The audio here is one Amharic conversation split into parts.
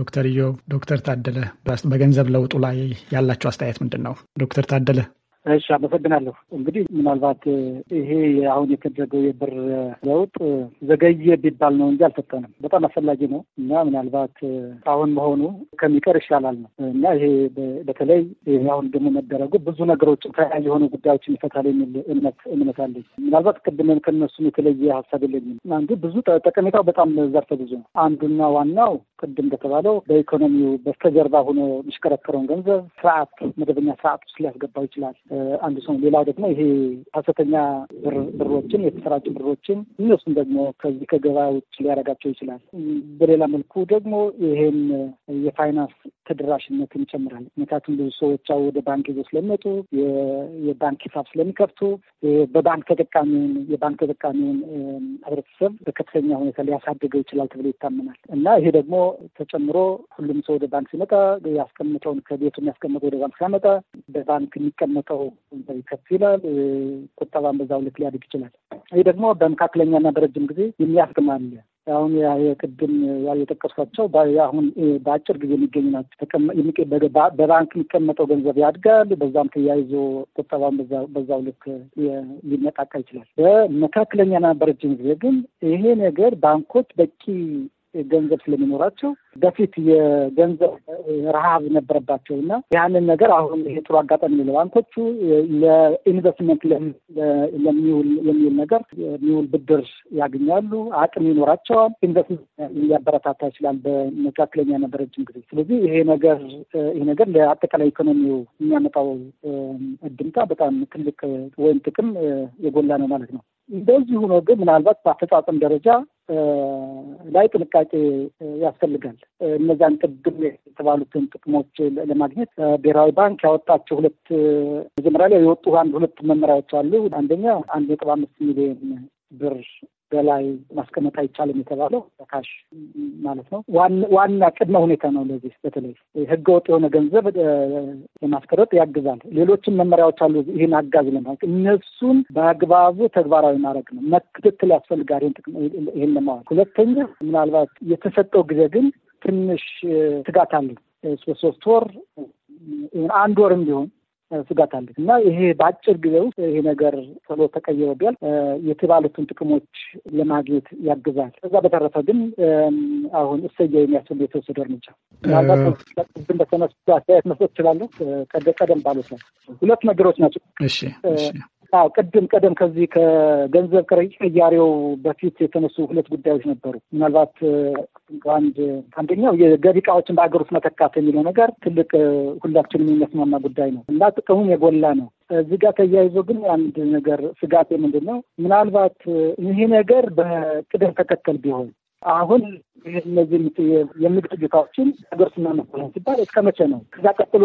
ዶክተር ኢዮብ፣ ዶክተር ታደለ በገንዘብ ለውጡ ላይ ያላቸው አስተያየት ምንድን ነው? ዶክተር ታደለ እሺ፣ አመሰግናለሁ። እንግዲህ ምናልባት ይሄ አሁን የተደረገው የብር ለውጥ ዘገየ ቢባል ነው እንጂ አልፈጠንም። በጣም አስፈላጊ ነው እና ምናልባት አሁን መሆኑ ከሚቀር ይሻላል ነው እና ይሄ በተለይ አሁን ደግሞ መደረጉ ብዙ ነገሮች ተያያዥ የሆኑ ጉዳዮችን ይፈታል የሚል እምነት እምነት አለኝ። ምናልባት ቅድም ከነሱም የተለየ ሀሳብ የለኝም። አንዱ ብዙ ጠቀሜታው በጣም ዘርፈ ብዙ ነው። አንዱና ዋናው ቅድም እንደተባለው በኢኮኖሚው በስተጀርባ ሆኖ የሚሽከረከረውን ገንዘብ ስርዓት፣ መደበኛ ስርዓት ውስጥ ሊያስገባው ይችላል አንዱ ሰው። ሌላው ደግሞ ይሄ ሀሰተኛ ብሮችን፣ የተሰራጩ ብሮችን እነሱም ደግሞ ከዚህ ከገበያ ውጭ ሊያደርጋቸው ይችላል። በሌላ መልኩ ደግሞ ይሄን የፋይናንስ ተደራሽነትን ይጨምራል። ምክንያቱም ብዙ ሰዎች ወደ ባንክ ይዞ ስለሚመጡ የባንክ ሂሳብ ስለሚከፍቱ በባንክ ተጠቃሚውን የባንክ ተጠቃሚውን ህብረተሰብ በከፍተኛ ሁኔታ ሊያሳድገው ይችላል ተብሎ ይታመናል እና ይሄ ደግሞ ተጨምሮ ሁሉም ሰው ወደ ባንክ ሲመጣ ያስቀምጠውን ከቤቱ የሚያስቀምጠው ወደ ባንክ ሲያመጣ በባንክ የሚቀመጠው ከፍ ይላል። ቁጠባን በዛው ልክ ሊያድግ ይችላል። ይህ ደግሞ በመካከለኛና በረጅም ጊዜ የሚያስቅማል። አሁን የቅድም የጠቀስኳቸው አሁን በአጭር ጊዜ የሚገኙ ናቸው። በባንክ የሚቀመጠው ገንዘብ ያድጋል። በዛም ተያይዞ ቁጠባን በዛው ልክ ሊነቃቃ ይችላል። በመካከለኛና በረጅም ጊዜ ግን ይሄ ነገር ባንኮች በቂ ገንዘብ ስለሚኖራቸው በፊት የገንዘብ ረሃብ ነበረባቸው እና ያንን ነገር አሁን ይሄ ጥሩ አጋጣሚ ነው ለባንኮቹ ለኢንቨስትመንት ለሚውል የሚውል ነገር የሚውል ብድር ያገኛሉ፣ አቅም ይኖራቸዋል፣ ኢንቨስትመንት ሊያበረታታ ይችላል በመካከለኛ በረጅም ጊዜ። ስለዚህ ይሄ ነገር ይሄ ነገር ለአጠቃላይ ኢኮኖሚው የሚያመጣው እድምታ በጣም ትልቅ ወይም ጥቅም የጎላ ነው ማለት ነው። እንደዚህ ሆኖ ግን ምናልባት በአፈጻጸም ደረጃ ላይ ጥንቃቄ ያስፈልጋል። እነዛን ቅድም የተባሉትን ጥቅሞች ለማግኘት ብሔራዊ ባንክ ያወጣቸው ሁለት መጀመሪያ ላይ የወጡ አንድ ሁለት መመሪያዎች አሉ። አንደኛ አንድ ነጥብ አምስት ሚሊዮን ብር በላይ ማስቀመጥ አይቻልም የተባለው በካሽ ማለት ነው። ዋና ቅድመ ሁኔታ ነው። ለዚህ በተለይ ህገወጥ የሆነ ገንዘብ ለማስቀረጥ ያግዛል። ሌሎችም መመሪያዎች አሉ። ይህን አጋዝ ለማወቅ እነሱን በአግባቡ ተግባራዊ ማድረግ ነው። መክትትል ያስፈልጋል። ይህን ለማወቅ ሁለተኛ፣ ምናልባት የተሰጠው ጊዜ ግን ትንሽ ትጋት አለ። ሶስት ወር አንድ ወርም ቢሆን ስጋት አለ እና ይሄ በአጭር ጊዜ ውስጥ ይሄ ነገር ቶሎ ተቀይሮ ቢያል የተባሉትን ጥቅሞች ለማግኘት ያግዛል። ከዛ በተረፈ ግን አሁን እሰያ የሚያስሉ የተወሰዱ እርምጃ ምናልባትም በተነሱ አስተያየት መስጠት ቀደም ባሉት ነው ሁለት ነገሮች ናቸው አዎ ቅድም ቀደም ከዚህ ከገንዘብ ቅያሬው በፊት የተነሱ ሁለት ጉዳዮች ነበሩ። ምናልባት አንድ አንደኛው የገቢ እቃዎችን በሀገር ውስጥ መተካት የሚለው ነገር ትልቅ ሁላችንም የሚያስማማ ጉዳይ ነው እና ጥቅሙም የጎላ ነው። እዚህ ጋር ተያይዞ ግን አንድ ነገር ስጋት ምንድን ነው? ምናልባት ይሄ ነገር በቅደም ተከተል ቢሆን አሁን እነዚህ የምግብ እቃዎችን ሀገር ውስጥ እናመርታለን ሲባል እስከ መቼ ነው? ከዛ ቀጥሎ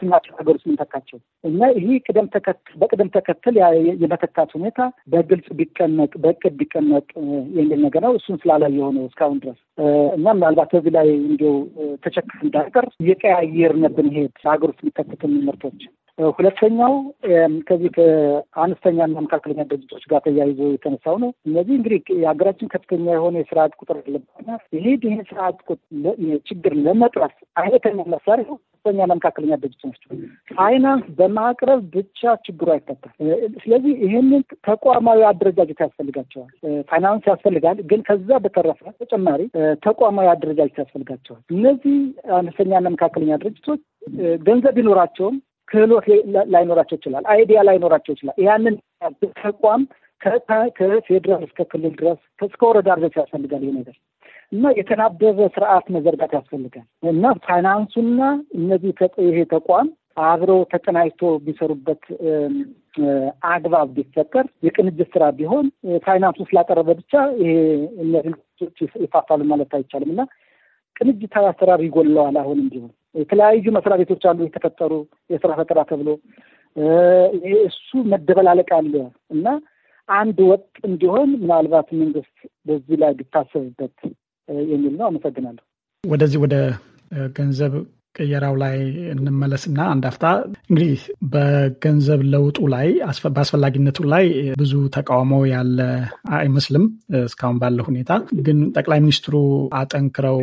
ስናቸው ሀገር ውስጥ ምንተካቸው እና ይህ ቅደም ተከተል በቅደም ተከተል የመተካት ሁኔታ በግልጽ ቢቀመጥ በእቅድ ቢቀመጥ የሚል ነገር ነው። እሱን ስላለ የሆነ እስካሁን ድረስ እና ምናልባት በዚህ ላይ እንዲው ተቸክፍ እንዳቀር የቀያየርንብን ሄድ ሀገር ውስጥ የሚተክትን ምርቶች ሁለተኛው ከዚህ ከአነስተኛና መካከለኛ ድርጅቶች ጋር ተያይዞ የተነሳው ነው። እነዚህ እንግዲህ የሀገራችን ከፍተኛ የሆነ የስርዓት ቁጥር ያለበትና ይሄ ይህን ስርዓት ችግር ለመጥራት አይነተኛ መሳሪያ ከፍተኛና መካከለኛ ድርጅቶች ናቸው። ፋይናንስ በማቅረብ ብቻ ችግሩ አይፈታም። ስለዚህ ይህንን ተቋማዊ አደረጃጀት ያስፈልጋቸዋል። ፋይናንስ ያስፈልጋል፣ ግን ከዛ በተረፈ ተጨማሪ ተቋማዊ አደረጃጀት ያስፈልጋቸዋል። እነዚህ አነስተኛና መካከለኛ ድርጅቶች ገንዘብ ቢኖራቸውም ክህሎት ላይኖራቸው ይችላል። አይዲያ ላይኖራቸው ይችላል። ያንን ተቋም ከፌዴራል እስከ ክልል ድረስ እስከ ወረዳ ድረስ ያስፈልጋል ይሄ ነገር እና የተናበበ ስርዓት መዘርጋት ያስፈልጋል እና ፋይናንሱና እነዚህ ይሄ ተቋም አብረው ተቀናጅቶ ቢሰሩበት አግባብ ቢፈጠር የቅንጅት ስራ ቢሆን ፋይናንሱ ስላቀረበ ብቻ ይሄ እነዚህ ይፋፋሉ ማለት አይቻልም እና ቅንጅታዊ አሰራር ይጎለዋል አሁንም ቢሆን የተለያዩ መስሪያ ቤቶች አሉ የተፈጠሩ የስራ ፈጠራ ተብሎ እሱ መደበላለቅ አለ እና አንድ ወጥ እንዲሆን ምናልባት መንግስት በዚህ ላይ ቢታሰብበት የሚል ነው። አመሰግናለሁ። ወደዚህ ወደ ገንዘብ ቅየራው ላይ እንመለስና አንድ አፍታ እንግዲህ በገንዘብ ለውጡ ላይ በአስፈላጊነቱ ላይ ብዙ ተቃውሞ ያለ አይመስልም እስካሁን ባለ ሁኔታ። ግን ጠቅላይ ሚኒስትሩ አጠንክረው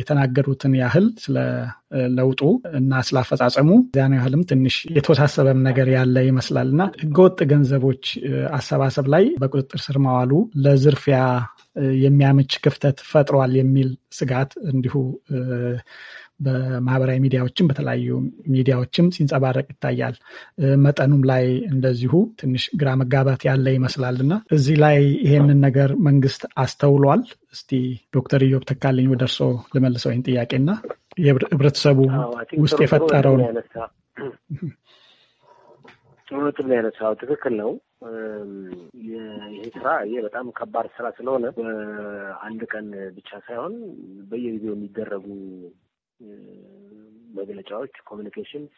የተናገሩትን ያህል ስለ ለውጡ እና ስላፈጻጸሙ ዚያን ያህልም ትንሽ የተወሳሰበም ነገር ያለ ይመስላል እና ህገወጥ ገንዘቦች አሰባሰብ ላይ በቁጥጥር ስር መዋሉ ለዝርፊያ የሚያመች ክፍተት ፈጥሯል የሚል ስጋት እንዲሁ በማህበራዊ ሚዲያዎችም በተለያዩ ሚዲያዎችም ሲንጸባረቅ ይታያል። መጠኑም ላይ እንደዚሁ ትንሽ ግራ መጋባት ያለ ይመስላል እና እዚህ ላይ ይሄንን ነገር መንግስት አስተውሏል። እስቲ ዶክተር ኢዮብ ተካልኝ ወደ እርስዎ ልመልሰው ይህን ጥያቄና የህብረተሰቡ ውስጥ የፈጠረው ነው። እውነትም ነው ያነሳው፣ ትክክል ነው። ይህ ስራ ይህ በጣም ከባድ ስራ ስለሆነ በአንድ ቀን ብቻ ሳይሆን በየጊዜው የሚደረጉ መግለጫዎች፣ ኮሚኒኬሽንስ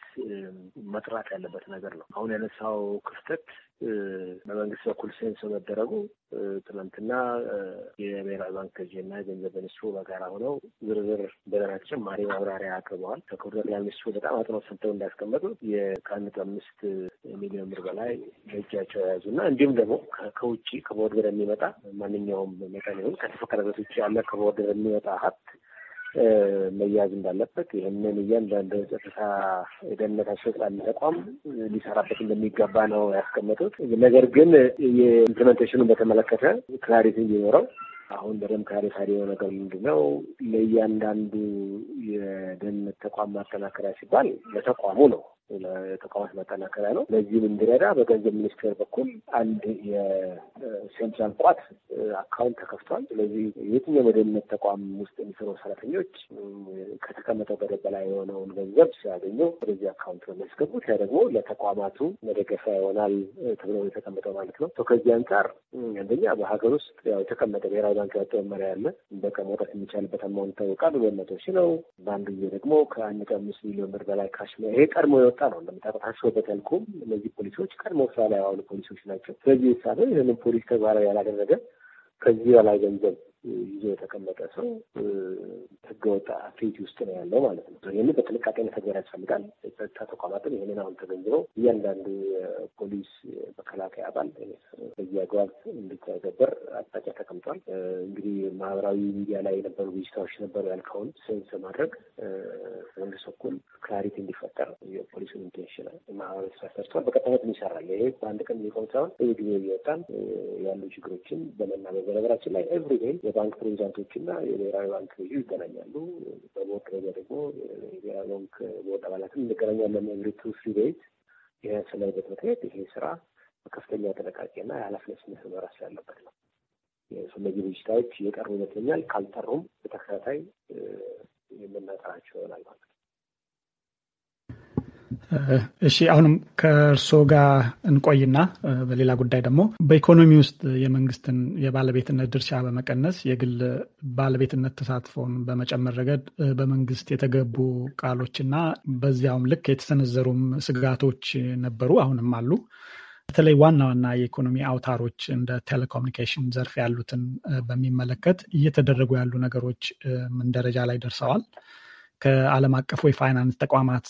መጥራት ያለበት ነገር ነው። አሁን ያነሳው ክፍተት በመንግስት በኩል ሴንስ መደረጉ ትናንትና የብሔራዊ ባንክ እና የገንዘብ ሚኒስትሩ በጋራ ሆነው ዝርዝር እንደገና ተጨማሪ ማብራሪያ አቅርበዋል። ከክቡር ጠቅላይ ሚኒስትሩ በጣም አጥኖ ሰጥተው እንዳስቀመጡ ከአንድ አምስት ሚሊዮን ብር በላይ በእጃቸው የያዙ እና እንዲሁም ደግሞ ከውጭ ከቦርደር የሚመጣ ማንኛውም መጠን ይሁን ከተፈቀደበት ውጭ ያለ ከቦርደር የሚመጣ ሀብት መያዝ እንዳለበት ይህንን እያንዳንዱ የጸጥታ የደህንነት አስፈጻሚ ተቋም ሊሰራበት እንደሚገባ ነው ያስቀመጡት። ነገር ግን የኢምፕሊመንቴሽኑን በተመለከተ ክላሪቲ እንዲኖረው አሁን በደም ካሪፋሪ የሆነ ነገር ምንድን ነው ለእያንዳንዱ የደህንነት ተቋም ማጠናከሪያ ሲባል ለተቋሙ ነው ለተቋማት ማጠናከሪያ ነው። ለዚህም እንዲረዳ በገንዘብ ሚኒስቴር በኩል አንድ የሴንትራል ቋት አካውንት ተከፍቷል። ስለዚህ የትኛውም የደህንነት ተቋም ውስጥ የሚሰሩ ሰራተኞች ከተቀመጠው ገደብ በላይ የሆነውን ገንዘብ ሲያገኙ ወደዚህ አካውንት ነው ያ ደግሞ ለተቋማቱ መደገፊያ ይሆናል ተብሎ የተቀመጠው ማለት ነው። ከዚህ አንጻር አንደኛ በሀገር ውስጥ ያው የተቀመጠ ብሔራዊ ባንክ ያወጣው መመሪያ ያለ በቀን መውጣት የሚቻልበት አማውንት ይታወቃል። ሁለት መቶ ሺህ ነው። በአንድ ጊዜ ደግሞ ከአንድ አምስት ሚሊዮን ብር በላይ ካሽ ይሄ ቀድሞ የወጣ ነው። እንደምታውቀው ታሽጎ በተልኮም እነዚህ ፖሊሶች ቀድሞ ስራ ላይ ያዋሉ ፖሊሲዎች ናቸው። ስለዚህ ሳለ ይህንን ፖሊስ ተግባራዊ ያላደረገ ከዚህ በላይ ገንዘብ ይዞ የተቀመጠ ሰው ህገወጥ አትሌት ውስጥ ነው ያለው ማለት ነው። ይህን በጥንቃቄ መተግበር ያስፈልጋል። የጸጥታ ተቋማትም ይህንን አሁን ተገንዝበው እያንዳንዱ የፖሊስ መከላከያ አባል በየአግባብ እንዲተገበር አቅጣጫ ተቀምጧል። እንግዲህ ማህበራዊ ሚዲያ ላይ የነበሩ ብጅታዎች ነበሩ ያልከውን ሴንስ ማድረግ መንግስት በኩል ክላሪቲ እንዲፈጠር የፖሊሱን ኢንቴንሽን ማህበረሰብ ሰርቷል። በቀጣይነት ይሰራል። ይሄ በአንድ ቀን የሚቆም ሳይሆን በየጊዜው እየወጣን ያሉ ችግሮችን በመናበብ በነገራችን ላይ ኤቭሪዴይ የባንክ ፕሬዚዳንቶች እና የብሔራዊ ባንክ ልዩ ይገናኛሉ። በቦርድ ደረጃ ደግሞ የብሔራዊ ባንክ ቦርድ አባላትም እንገናኛለን። ኤቭሪ ቱ ስሪ ቤት የስነ ልቦና ምክር ይሄ ስራ በከፍተኛ ጥንቃቄ እና የኃላፊነት ስሜት መመራት ያለበት ነው። እነዚህ ብጅታዎች እየቀሩ ይመስለኛል። ካልጠሩም በተከታታይ የምናጠራቸው ይሆናል ማለት ነው። እሺ አሁንም ከእርስዎ ጋር እንቆይና በሌላ ጉዳይ ደግሞ በኢኮኖሚ ውስጥ የመንግስትን የባለቤትነት ድርሻ በመቀነስ የግል ባለቤትነት ተሳትፎን በመጨመር ረገድ በመንግስት የተገቡ ቃሎችና በዚያውም ልክ የተሰነዘሩም ስጋቶች ነበሩ፣ አሁንም አሉ። በተለይ ዋና ዋና የኢኮኖሚ አውታሮች እንደ ቴሌኮሙኒኬሽን ዘርፍ ያሉትን በሚመለከት እየተደረጉ ያሉ ነገሮች ምን ደረጃ ላይ ደርሰዋል? ከዓለም አቀፉ የፋይናንስ ተቋማት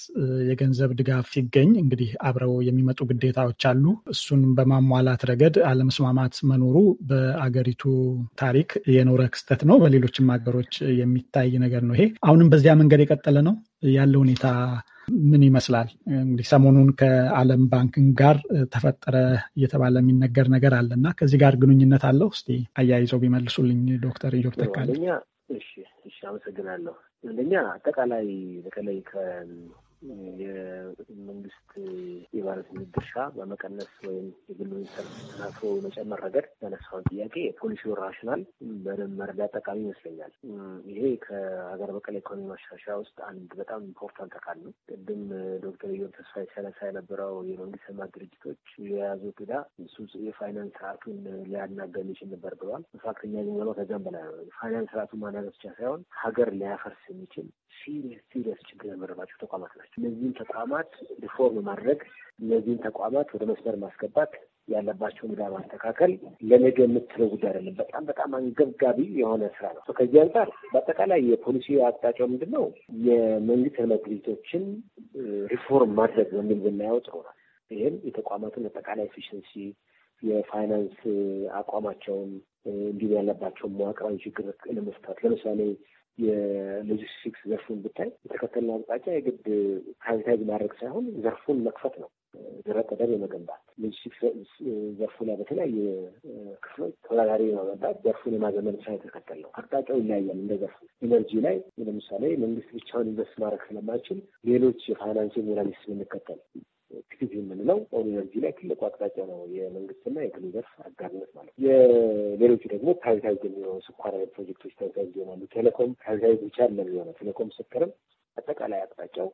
የገንዘብ ድጋፍ ሲገኝ እንግዲህ አብረው የሚመጡ ግዴታዎች አሉ። እሱን በማሟላት ረገድ አለመስማማት መኖሩ በአገሪቱ ታሪክ የኖረ ክስተት ነው። በሌሎችም ሀገሮች የሚታይ ነገር ነው። ይሄ አሁንም በዚያ መንገድ የቀጠለ ነው ያለ ሁኔታ ምን ይመስላል? እንግዲህ ሰሞኑን ከዓለም ባንክን ጋር ተፈጠረ እየተባለ የሚነገር ነገር አለ እና ከዚህ ጋር ግንኙነት አለው? እስኪ አያይዘው ቢመልሱልኝ ዶክተር ኢዮብ ተካልኝ። እሺ፣ እሺ፣ አመሰግናለሁ። አንደኛ አጠቃላይ በተለይ የመንግስት የባለስምንት ድርሻ በመቀነስ ወይም የግሉ ሰርፍ ተሳትፎ መጨመር ረገድ ያነሳውን ጥያቄ የፖሊሲው ራሽናል በደንብ መረዳት ጠቃሚ ይመስለኛል። ይሄ ከሀገር በቀል ኢኮኖሚ ማሻሻያ ውስጥ አንድ በጣም ኢምፖርታንት አካል ነው። ቅድም ዶክተር ኢዮብ ተስፋዬ ሲያነሳ የነበረው የመንግስት ልማት ድርጅቶች የያዙት ዕዳ እሱ የፋይናንስ ስርዓቱን ሊያናጋ የሚችል ነበር ብለዋል። ፋክተኛ የሚሆነው ከዚያም በላይ ነው። የፋይናንስ ስርዓቱን ማናገር ብቻ ሳይሆን ሀገር ሊያፈርስ የሚችል ሲሪየስ ሲሪየስ ችግር ያመረባቸው ተቋማት ናቸው። አለባቸው። እነዚህን ተቋማት ሪፎርም ማድረግ፣ እነዚህን ተቋማት ወደ መስመር ማስገባት ያለባቸውን ጋር ማስተካከል ለነገ የምትለው ጉዳይ አይደለም። በጣም በጣም አንገብጋቢ የሆነ ስራ ነው። ከዚህ አንጻር በአጠቃላይ የፖሊሲ አቅጣጫው ምንድን ነው? የመንግስት ህብረት ድርጅቶችን ሪፎርም ማድረግ በሚል ብናየው ጥሩ ነው። ይህም የተቋማቱን አጠቃላይ ኤፊሽንሲ፣ የፋይናንስ አቋማቸውን እንዲሁም ያለባቸውን መዋቅራዊ ችግር ለመፍታት ለምሳሌ የሎጂስቲክስ ዘርፉን ብታይ የተከተልነው አቅጣጫ የግድ ፕራይቬታይዝ ማድረግ ሳይሆን ዘርፉን መክፈት ነው። ዘረቀደር የመገንባት ሎጂስቲክስ ዘርፉ ላይ በተለያየ ክፍሎች ተወዳዳሪ የመገንባት ዘርፉን የማዘመን ስራ የተከተል ነው። አቅጣጫው ይለያያል እንደ ዘርፉ። ኢነርጂ ላይ ለምሳሌ መንግስት ብቻውን ኢንቨስት ማድረግ ስለማይችል ሌሎች የፋይናንስ ሞዳሊስ ብንከተል ፒቲፒ የምንለው ኦን ኤነርጂ ላይ ትልቁ አቅጣጫ ነው። የመንግስትና የግሉ ዘርፍ አጋርነት ማለት የሌሎቹ ደግሞ ፕራይቬታይዝ የሚሆኑ ስኳር ፕሮጀክቶች ፕራይቬታይዝ ሊሆናሉ። ቴሌኮም ፕራይቬታይዝ ብቻ ለሚሆነ ቴሌኮም ስክርም አጠቃላይ አቅጣጫው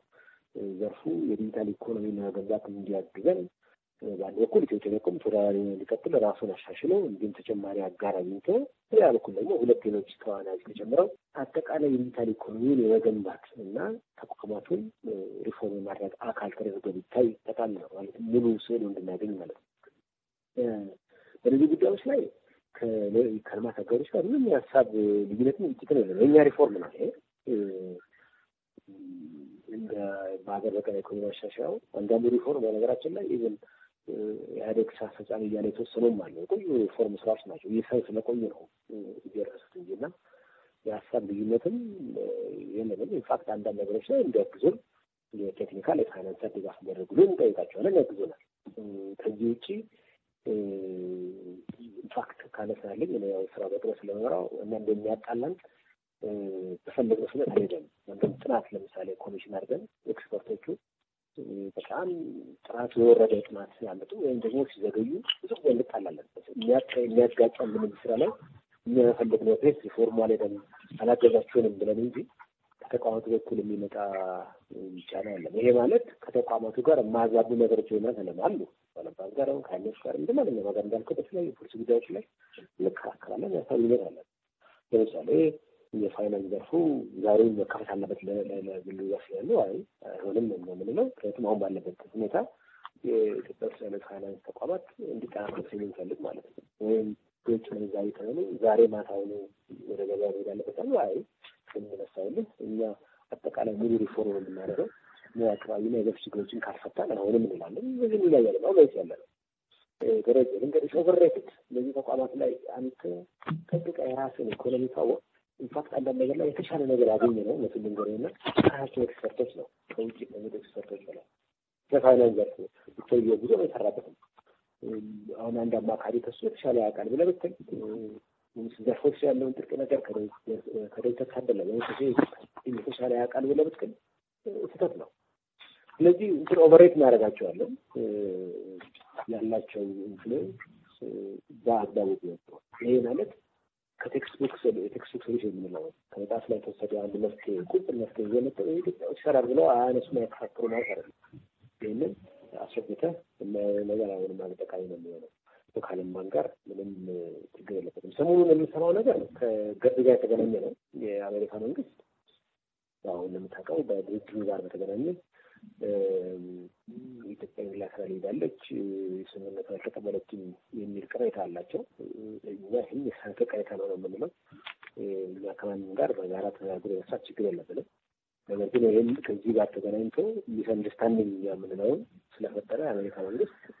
ዘርፉ የዲጂታል ኢኮኖሚ ለመገንባት እንዲያግዘን በአንድ በኩል ኢትዮ ቴሌኮም ቱራሪ ሊቀጥል ራሱን አሻሽሎ እንዲሁም ተጨማሪ አጋር አግኝቶ በሌላ በኩል ደግሞ ሁለት ሌሎች ተዋናዮች ተጨምረው አጠቃላይ የዲጂታል ኢኮኖሚን የመገንባት እና ተቋማቱን ሪፎርም የማድረግ አካል ተደርጎ ቢታይ ጠቃሚ ነው ማለት ሙሉ ስዕሉ እንድናገኝ ማለት ነው። በእነዚህ ጉዳዮች ላይ ከልማት አጋሮች ጋር ምንም የሀሳብ ልዩነት ግጭት ነው የለም። የእኛ ሪፎርም ነው ይሄ እንደ በሀገር በቀል ኢኮኖሚ ማሻሻያው አንዳንዱ ሪፎርም በነገራችን ላይ ኢቨን ኢህአዴግ ስራ አስፈጻሚ እያለ የተወሰኑም አለ። የቆዩ ሪፎርም ስራዎች ናቸው። ይሰው ስለቆዩ ነው የደረሱት እንጂ እና የሀሳብ ልዩነትም የለንም። ኢንፋክት አንዳንድ ነገሮች ላይ እንዲያግዙን የቴክኒካል የፋይናንሳል ድጋፍ እንዲያደርጉልን እንጠይቃቸዋለን፣ ያግዙናል። ከዚህ ውጭ ኢንፋክት ካነሳለኝ ያው ስራ በጥረ ስለመራው እና እንደሚያጣላን በፈለግነው ስነት አልሄደም። አንድም ጥናት ለምሳሌ ኮሚሽን አድርገን ኤክስፐርቶቹ በጣም ጥራት የወረደ ጥናት ሲያመጡ ወይም ደግሞ ሲዘገዩ ብዙ ጊዜ እንጣላለን። የሚያጋጫ ምንም ስራ ላይ እኛ የፈለግነው ፕሬስ ላይ ደግሞ አላገዛችሁንም ብለን እንጂ ከተቋማቱ በኩል የሚመጣ ጫና የለም። ይሄ ማለት ከተቋማቱ ጋር የማያዛቡ ነገሮች ወይምረት አለም አሉ ባለባት ጋር አሁን ከአይነት ጋር እንደማንኛ ጋር እንዳልከው በተለያዩ ፖሊሲ ጉዳዮች ላይ እንከራከራለን፣ ያሳብ ይመጣለን። ለምሳሌ የፋይናንስ ዘርፉ ዛሬ መከፈት አለበት ለግሉ ዘርፍ ያሉ አይ አይሆንም ነው የምንለው ምክንያቱም አሁን ባለበት ሁኔታ የኢትዮጵያ ውስጥ ያሉት ፋይናንስ ተቋማት እንዲጠናከሩ ስለምንፈልግ ማለት ነው። ወይም የውጭ ምንዛ ከሆኑ ዛሬ ማታውኑ ወደ ገበያ መሄድ አለበት አሉ አይ የምነሳውልህ እኛ አጠቃላይ ሙሉ ሪፎርም የምናደርገው የአካባቢና የዘርፍ ችግሮችን ካልፈታን አይሆንም እንላለን። በዚህ ላይ ያለ ነው ያለ ነው ደረጀ መንገዶች ኦቨርሬትድ እነዚህ ተቋማት ላይ አንተ ጠብቀህ የራስን ኢኮኖሚ ታወቅ ኢንፋክት አንዳንድ ነገር ላይ የተሻለ ነገር ያገኘ ነው እነሱ ልንገርህ እና ከሀኪም ኤክስፐርቶች ነው ከውጭ ከሚሄዱ ኤክስፐርቶች በላይ በፋይናንስ ዘርፍ ሰውዬው ጉዞ ነው የሰራበትም አሁን አንድ አማካሪ ከሱ የተሻለ ያውቃል ብለህ ብትል ዘርፎች ያለውን ጥልቅ ነገር ከደጅ ተካደለ የተሻለ ያውቃል ብለህ ብትል ስህተት ነው። ስለዚህ እንትን ኦቨሬት እናደርጋቸዋለን ያላቸው ኢንፍሉዌንስ በአግባቡ ቢወጡ ይሄ ማለት ከቴክስት ቡክ ቴክስት የምንለው ከመጽሐፍ ላይ ተወሰደ አንድ መፍትሄ ቁጥ መፍትሄ የመጠ ኢትዮጵያዎች ይሰራል ብለው አነሱን ያከፋክሩ ማለት አይደለም። ይህንን አስረግተ ነገር አሁን ጠቃሚ ነው የሚሆነው ከዓለም ባንክ ጋር ምንም ችግር የለበትም። ሰሞኑን የምንሰማው ነገር ከገብ ጋር የተገናኘ ነው። የአሜሪካ መንግስት አሁን እንደምታውቀው በድርጅቱ ጋር በተገናኘ ኢትዮጵያ ላትራል ሄዳለች ስምምነቱ አልተቀበለችም የሚል ቅሬታ አላቸው። እኛ ይህም የሳንተ ቅሬታ ነው ነው የምንለው። እኛ ከማንም ጋር በጋራ ተነጋግሮ የመሳት ችግር የለብንም። ነገር ግን ይህም ከዚህ ጋር ተገናኝቶ ሚስ የምንለውን ስለፈጠረ የአሜሪካ መንግስት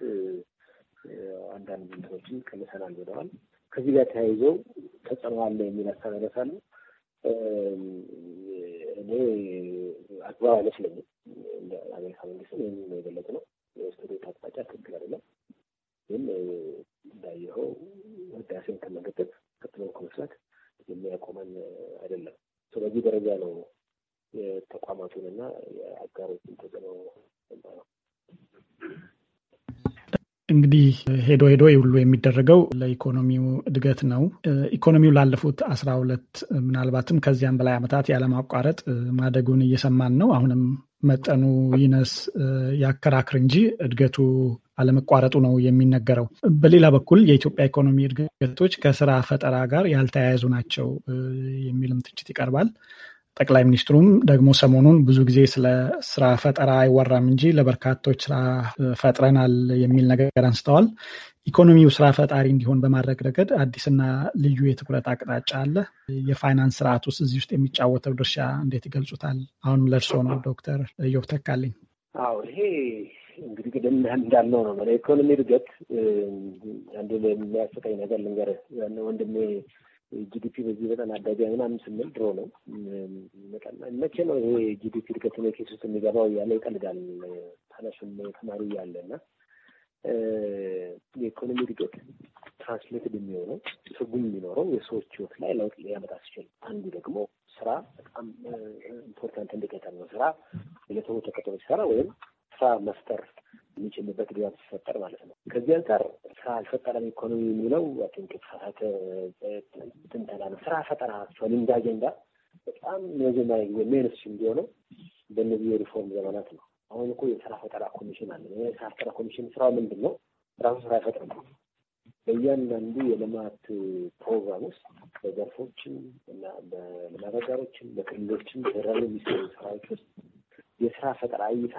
አንዳንድ እንትኖችን ቀንሰናል ብለዋል። ከዚህ ጋር ተያይዘው ተጽዕኖ አለ የሚል አስተላለፍ እኔ አግባብ አይመስለኝም። አሜሪካ መንግስትም ይህንን የገለጽ ነው የወሰዱት አቅጣጫ ትክክል አይደለም። ግን እንዳየኸው ህዳሴን ከመገደብ ቀጥሎ ከመስራት የሚያቆመን አይደለም። በዚህ ደረጃ ነው የተቋማቱንና የአጋሮችን ተጽዕኖ ነው። እንግዲህ ሄዶ ሄዶ ሁሉ የሚደረገው ለኢኮኖሚው እድገት ነው። ኢኮኖሚው ላለፉት አስራ ሁለት ምናልባትም ከዚያም በላይ ዓመታት ያለማቋረጥ ማደጉን እየሰማን ነው። አሁንም መጠኑ ይነስ ያከራክር እንጂ እድገቱ አለመቋረጡ ነው የሚነገረው። በሌላ በኩል የኢትዮጵያ ኢኮኖሚ እድገቶች ከስራ ፈጠራ ጋር ያልተያያዙ ናቸው የሚልም ትችት ይቀርባል። ጠቅላይ ሚኒስትሩም ደግሞ ሰሞኑን ብዙ ጊዜ ስለ ስራ ፈጠራ አይወራም እንጂ ለበርካቶች ስራ ፈጥረናል የሚል ነገር አንስተዋል። ኢኮኖሚው ስራ ፈጣሪ እንዲሆን በማድረግ ረገድ አዲስና ልዩ የትኩረት አቅጣጫ አለ። የፋይናንስ ስርዓት ውስጥ እዚህ ውስጥ የሚጫወተው ድርሻ እንዴት ይገልጹታል? አሁንም ለእርስዎ ነው ዶክተር እዮብ ተካልኝ። አዎ ይሄ እንግዲህ ቅድም እንዳልነው ነው ኢኮኖሚ እድገት አንዱ የሚያስቀኝ ነገር ልንገርህ ወንድሜ ጂዲፒ በዚህ በጣም አዳጊያ ምናምን ስንል ድሮ ነው። መቼ ነው ይሄ ጂዲፒ እድገት ኬስ ውስጥ የሚገባው እያለ ይቀልዳል ታናሹም ተማሪ እያለ እና የኢኮኖሚ እድገት ትራንስሌትድ የሚሆነው ትርጉም የሚኖረው የሰዎች ህይወት ላይ ለውጥ ሊያመጣ ሲችል፣ አንዱ ደግሞ ስራ በጣም ኢምፖርታንት ኢንዲኬተር ነው። ስራ የሰው ተከትሎ ሲሰራ ወይም ስራ መፍጠር የሚችልበት ድባብ ሲፈጠር ማለት ነው። ከዚህ አንጻር ስራ አልፈጠረም ኢኮኖሚ የሚለው ቲንክ የተሳሳተ ትንተና ነው። ስራ ፈጠራ ሲሆን እንደ አጀንዳ በጣም የመጀመሪያ ጊዜ ሜንስ እንዲሆነው በእነዚህ የሪፎርም ዘመናት ነው። አሁን እኮ የስራ ፈጠራ ኮሚሽን አለ። የስራ ፈጠራ ኮሚሽን ስራው ምንድን ነው? ራሱ ስራ ነው። በእያንዳንዱ የልማት ፕሮግራም ውስጥ በዘርፎችም እና በልማት አጋሮችም በክልሎችም በፌደራል የሚሰሩ ስራዎች ውስጥ የስራ ፈጠራ እይታ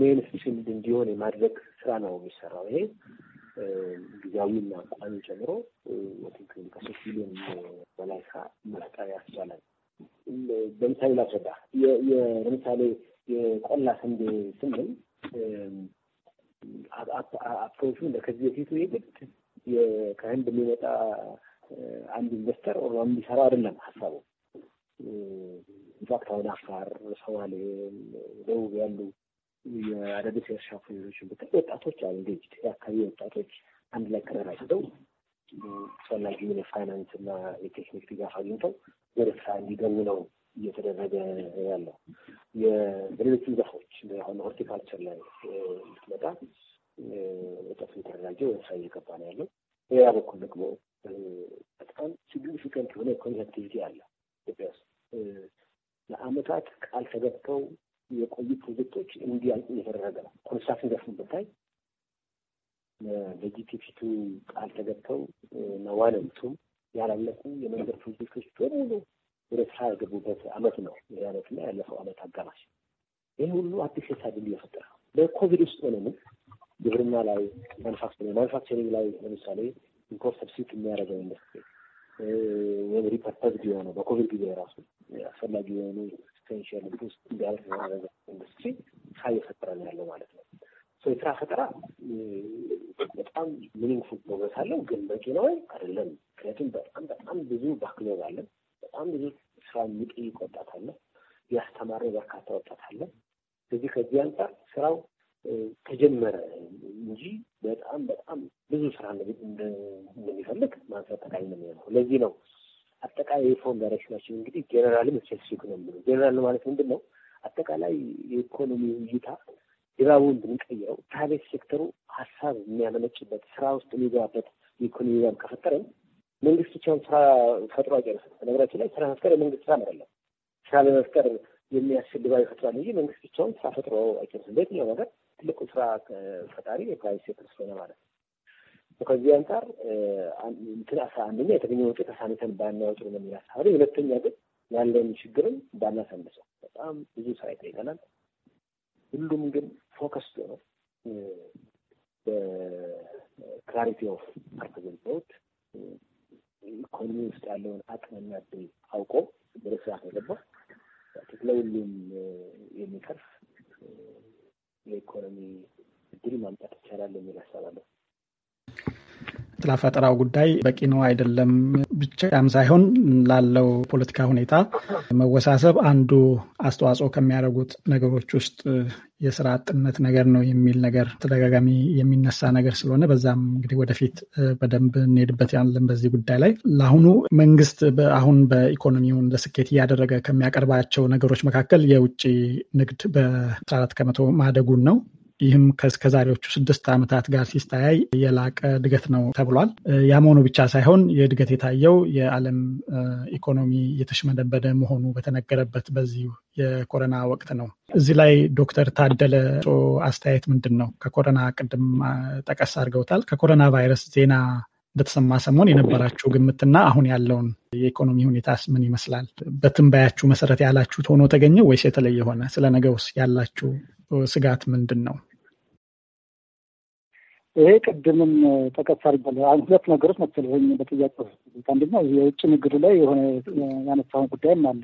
ሜን ፊልድ እንዲሆን የማድረግ ስራ ነው የሚሰራው። ይሄ ጊዜያዊና ቋሚ ጨምሮ ከሶስት ሚሊዮን በላይ ስራ መፍጠር ያስቻላል። በምሳሌ ላስረዳ። ለምሳሌ የቆላ ስንዴ ስንል አፕሮቹ እንደ ከዚህ በፊቱ የግድ ከህንድ የሚመጣ አንድ ኢንቨስተር እንዲሰራው አይደለም ሀሳቡ። ኢንፋክት አሁን አፋር፣ ሶማሌ፣ ደቡብ ያሉ የአዳዲስ የእርሻ ፍሬዎችን ብታይ ወጣቶች አሉ እንግዲህ የአካባቢ ወጣቶች አንድ ላይ ተደራጅተው አስፈላጊውን የፋይናንስ እና የቴክኒክ ድጋፍ አግኝተው ወደ ስራ እንዲገቡ ነው እየተደረገ ያለው። በሌሎችም ዘፎች አሁን ሆርቲካልቸር ላይ ስትመጣ ወጣቱ የተደራጀ ወደ ስራ እየገባ ነው ያለው። በሌላ በኩል ደግሞ በጣም ሲግኒፊካንት የሆነ ኢኮኖሚ አክቲቪቲ አለ ኢትዮጵያ ውስጥ ለአመታት ቃል ተገብተው የቆዩ ፕሮጀክቶች እንዲያልቁ እየተደረገ ነው። ኮንስትራክሽን ዘርፍ ብታይ በጂፒ ፊቱ ቃል ተገብተው ነዋነምቱም ያላለቁ የመንገድ ፕሮጀክቶች በሙሉ ወደ ስራ ያገቡበት አመት ነው ይሄ አመትና ያለፈው አመት አጋማሽ። ይህ ሁሉ አዲስ የስራ ዕድል እየፈጠረ ነው። በኮቪድ ውስጥ ሆነን ግብርና ላይ ማኑፋክቸሪንግ ማኑፋክቸሪንግ ላይ ለምሳሌ ኢምፖርት ሰብሲት የሚያደርገው ኢንዱስትሪ ወይም ሪፐርፐዝድ የሆነ በኮቪድ ጊዜ ራሱ አስፈላጊ የሆኑ ኤክስቴንሽን ውስጥ እንዲያልፍ የማድረግ ኢንዱስትሪ ስራ እየፈጠረ ነው ያለው ማለት ነው። የስራ ፈጠራ በጣም ሚኒንግፉል ፕሮግረስ አለው፣ ግን በቂ ነው ወይ አይደለም። ምክንያቱም በጣም በጣም ብዙ ባክሎግ አለ። በጣም ብዙ ስራ የሚጠይቅ ወጣት አለ። ያስተማረ በርካታ ወጣት አለ። ስለዚህ ከዚህ አንጻር ስራው ተጀመረ እንጂ በጣም በጣም ብዙ ስራ እንደሚፈልግ ማንሳት ጠቃሚ ነው የሚሆነው። ለዚህ ነው አጠቃላይ የፎን ዳይሬክሽናችን እንግዲህ ጀነራልም ሴልስ ኢኮኖሚ ነው። ጀነራል ማለት ምንድን ነው? አጠቃላይ የኢኮኖሚ ውይይታ ድባቡን ብንቀይረው ፕራይቬት ሴክተሩ ሀሳብ የሚያመነጭበት ስራ ውስጥ የሚገባበት የኢኮኖሚ ድባብ ከፈጠረን መንግስት ብቻውን ስራ ፈጥሮ አይጨርስም። በነገራችን ላይ ስራ መፍጠር የመንግስት ስራ አይደለም። ስራ ለመፍጠር የሚያስችል ድባብ ይፈጥራል እንጂ መንግስት ብቻውን ስራ ፈጥሮ አይጨርስም። በየትኛው ነገር ትልቁ ስራ ፈጣሪ የፕራይቬት ሴክተር ስለሆነ ማለት ነው። ከዚህ አንጻር እንትን አስራ አንደኛ የተገኘ ውጤት አሳንሰን ባናወጡ ነው የሚል ሀሳብ፣ ሁለተኛ ግን ያለውን ችግርም ባናሳንሰው በጣም ብዙ ስራ ይጠይቀናል። ሁሉም ግን ፎከስ ነው በክላሪቲ ኦፍ አርተገልጸውት ኢኮኖሚ ውስጥ ያለውን አቅምና ድል አውቆ ወደ ስራ ተገባ ለሁሉም የሚቀርፍ የኢኮኖሚ እድል ማምጣት ይቻላል የሚል ሀሳብ አለው። ስራ ፈጠራው ጉዳይ በቂ ነው አይደለም ብቻም ሳይሆን ላለው ፖለቲካ ሁኔታ መወሳሰብ አንዱ አስተዋጽኦ ከሚያደርጉት ነገሮች ውስጥ የስራ አጥነት ነገር ነው የሚል ነገር ተደጋጋሚ የሚነሳ ነገር ስለሆነ በዛም እንግዲህ ወደፊት በደንብ እንሄድበት ያለን በዚህ ጉዳይ ላይ ለአሁኑ መንግስት አሁን በኢኮኖሚው እንደ ስኬት እያደረገ ከሚያቀርባቸው ነገሮች መካከል የውጭ ንግድ በ14 ከመቶ ማደጉን ነው። ይህም ከእስከዛሬዎቹ ስድስት ዓመታት ጋር ሲስተያይ የላቀ እድገት ነው ተብሏል። ያመሆኑ ብቻ ሳይሆን የእድገት የታየው የዓለም ኢኮኖሚ የተሽመደበደ መሆኑ በተነገረበት በዚሁ የኮረና ወቅት ነው። እዚህ ላይ ዶክተር ታደለ አስተያየት ምንድን ነው? ከኮረና ቅድም ጠቀስ አድርገውታል። ከኮሮና ቫይረስ ዜና እንደተሰማ ሰሞን የነበራችሁ ግምትና አሁን ያለውን የኢኮኖሚ ሁኔታስ ምን ይመስላል? በትንባያችሁ መሰረት ያላችሁት ሆኖ ተገኘ ወይስ የተለየ ሆነ? ስለ ነገውስ ያላችሁ ስጋት ምንድን ነው? ይሄ ቅድምም ጠቀስ አድርጌያለሁ። ሁለት ነገሮች መሰለኝ በጥያቄ አንደኛው የውጭ ንግዱ ላይ የሆነ ያነሳውን ጉዳይም አለ።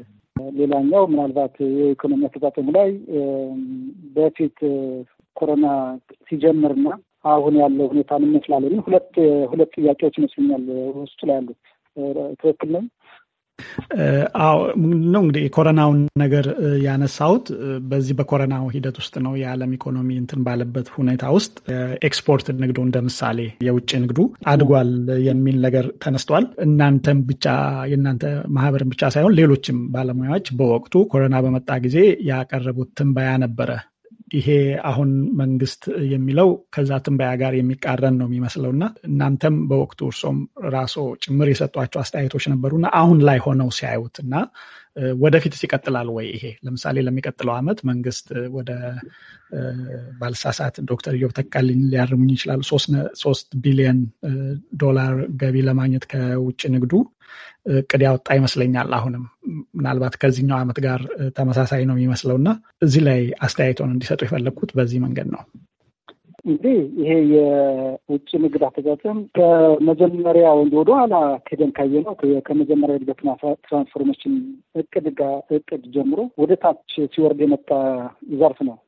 ሌላኛው ምናልባት የኢኮኖሚ አፈጻጸሙ ላይ በፊት ኮሮና ሲጀምርና አሁን ያለው ሁኔታ ምን ይመስላል? ሁለት ሁለት ጥያቄዎች ይመስለኛል ውስጡ ላይ ያሉት። ትክክል ነው። ነው እንግዲህ የኮረናውን ነገር ያነሳሁት በዚህ በኮረናው ሂደት ውስጥ ነው። የዓለም ኢኮኖሚ እንትን ባለበት ሁኔታ ውስጥ ኤክስፖርት ንግዱ እንደምሳሌ የውጭ ንግዱ አድጓል የሚል ነገር ተነስቷል። እናንተም ብቻ የእናንተ ማህበርን ብቻ ሳይሆን ሌሎችም ባለሙያዎች በወቅቱ ኮረና በመጣ ጊዜ ያቀረቡት ትንበያ ነበረ። ይሄ አሁን መንግስት የሚለው ከዛ ትንበያ ጋር የሚቃረን ነው የሚመስለው እና እናንተም በወቅቱ እርሶም ራሶ ጭምር የሰጧቸው አስተያየቶች ነበሩና አሁን ላይ ሆነው ሲያዩት እና ወደፊት ይቀጥላል ወይ? ይሄ ለምሳሌ ለሚቀጥለው ዓመት መንግስት ወደ ባልሳሳት ዶክተር ዮብ ተካልኝ ሊያርሙኝ ይችላሉ ሶስት ቢሊዮን ዶላር ገቢ ለማግኘት ከውጭ ንግዱ እቅድ ያወጣ ይመስለኛል። አሁንም ምናልባት ከዚህኛው ዓመት ጋር ተመሳሳይ ነው የሚመስለው እና እዚህ ላይ አስተያየቶን እንዲሰጡ የፈለግኩት በዚህ መንገድ ነው። እንግዲህ ይሄ የውጭ ንግድ አፈጻጸም ከመጀመሪያ ወንድ ወደ ኋላ ከደን ካየ ነው ከመጀመሪያ እድገት ትራንስፎርሜሽን እቅድ ጋር እቅድ ጀምሮ ወደ ታች ሲወርድ የመጣ ዘርፍ ነው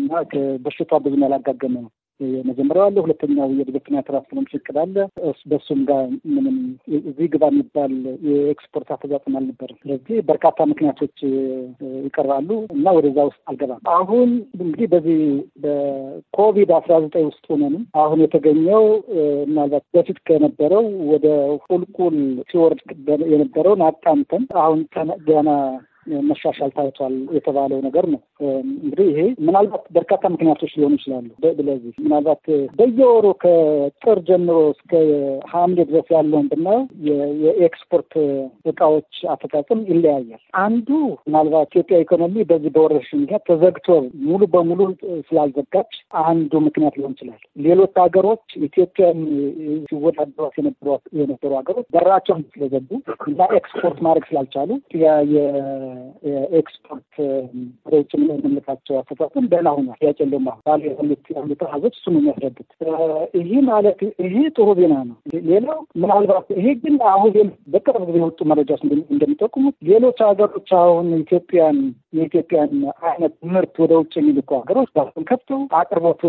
እና በሽታ ብዙም ያላጋገመ ነው። የመጀመሪያው አለ። ሁለተኛው የእድገትና ትራንስፎርሜሽን እቅድ አለ። በሱም ጋር ምንም እዚህ ግባ የሚባል የኤክስፖርት አፈጻጸም አልነበርም። ስለዚህ በርካታ ምክንያቶች ይቀርባሉ እና ወደዛ ውስጥ አልገባም። አሁን እንግዲህ በዚህ በኮቪድ አስራ ዘጠኝ ውስጥ ሆነንም አሁን የተገኘው ምናልባት በፊት ከነበረው ወደ ቁልቁል ሲወርድ የነበረውን አጣምተን አሁን ገና መሻሻል ታይቷል የተባለው ነገር ነው። እንግዲህ ይሄ ምናልባት በርካታ ምክንያቶች ሊሆኑ ይችላሉ። ለዚህ ምናልባት በየወሩ ከጥር ጀምሮ እስከ ሐምሌ ድረስ ያለውን ብናየው የኤክስፖርት እቃዎች አፈጣጥም ይለያያል። አንዱ ምናልባት ኢትዮጵያ ኢኮኖሚ በዚህ በወረርሽኝ ምክንያት ተዘግቶ ሙሉ በሙሉ ስላልዘጋች አንዱ ምክንያት ሊሆን ይችላል። ሌሎች ሀገሮች ኢትዮጵያን ሲወዳደሯት የነበሩ ሀገሮች በራቸውን ስለዘጉ እና ኤክስፖርት ማድረግ ስላልቻሉ የኤክስፖርት ወደ የምንልካቸው አከፋፈል ደህና ሆኗል። ያጨለማ ባል ያሉት ያሉት አሃዞች እሱ ነው የሚያስረዱት። ይሄ ማለት ይሄ ጥሩ ዜና ነው። ሌላው ምናልባት ይሄ ግን አሁን በቅርብ ጊዜ የወጡ መረጃዎች እንደሚጠቁሙት ሌሎች ሀገሮች አሁን ኢትዮጵያን የኢትዮጵያን አይነት ምርት ወደ ውጭ የሚልኩ ሀገሮች ባሱን ከፍተው አቅርቦት